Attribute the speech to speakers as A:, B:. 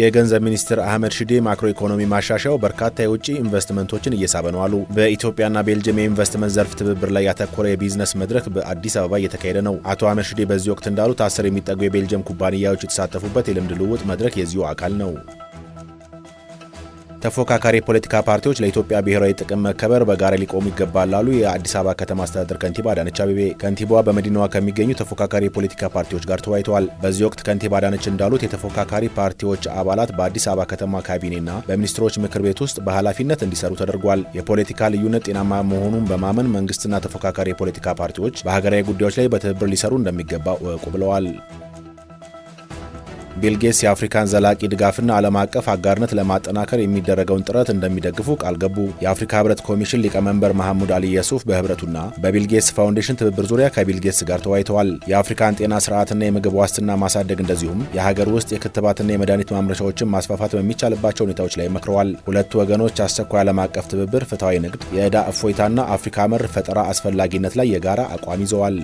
A: የገንዘብ ሚኒስትር አህመድ ሽዴ ማክሮ ኢኮኖሚ ማሻሻያው በርካታ የውጭ ኢንቨስትመንቶችን እየሳበ ነው አሉ። በኢትዮጵያና ቤልጅየም የኢንቨስትመንት ዘርፍ ትብብር ላይ ያተኮረ የቢዝነስ መድረክ በአዲስ አበባ እየተካሄደ ነው። አቶ አህመድ ሽዴ በዚህ ወቅት እንዳሉት አስር የሚጠጉ የቤልጅየም ኩባንያዎች የተሳተፉበት የልምድ ልውውጥ መድረክ የዚሁ አካል ነው። ተፎካካሪ የፖለቲካ ፓርቲዎች ለኢትዮጵያ ብሔራዊ ጥቅም መከበር በጋራ ሊቆሙ ይገባል ላሉ የአዲስ አበባ ከተማ አስተዳደር ከንቲባ አዳነች አቤቤ። ከንቲባዋ በመዲናዋ ከሚገኙ ተፎካካሪ የፖለቲካ ፓርቲዎች ጋር ተወያይተዋል። በዚህ ወቅት ከንቲባ አዳነች እንዳሉት የተፎካካሪ ፓርቲዎች አባላት በአዲስ አበባ ከተማ ካቢኔና በሚኒስትሮች ምክር ቤት ውስጥ በኃላፊነት እንዲሰሩ ተደርጓል። የፖለቲካ ልዩነት ጤናማ መሆኑን በማመን መንግስትና ተፎካካሪ የፖለቲካ ፓርቲዎች በሀገራዊ ጉዳዮች ላይ በትብብር ሊሰሩ እንደሚገባ እወቁ ብለዋል። ቢል ጌትስ የአፍሪካን ዘላቂ ድጋፍና ዓለም አቀፍ አጋርነት ለማጠናከር የሚደረገውን ጥረት እንደሚደግፉ ቃል ገቡ። የአፍሪካ ህብረት ኮሚሽን ሊቀመንበር መሐሙድ አሊ የሱፍ በህብረቱና በቢል ጌትስ ፋውንዴሽን ትብብር ዙሪያ ከቢል ጌትስ ጋር ተወያይተዋል። የአፍሪካን ጤና ስርዓትና የምግብ ዋስትና ማሳደግ እንደዚሁም የሀገር ውስጥ የክትባትና የመድኃኒት ማምረቻዎችን ማስፋፋት በሚቻልባቸው ሁኔታዎች ላይ መክረዋል። ሁለቱ ወገኖች አስቸኳይ ዓለም አቀፍ ትብብር፣ ፍትሐዊ ንግድ፣ የዕዳ እፎይታና አፍሪካ መር ፈጠራ አስፈላጊነት ላይ የጋራ አቋም ይዘዋል።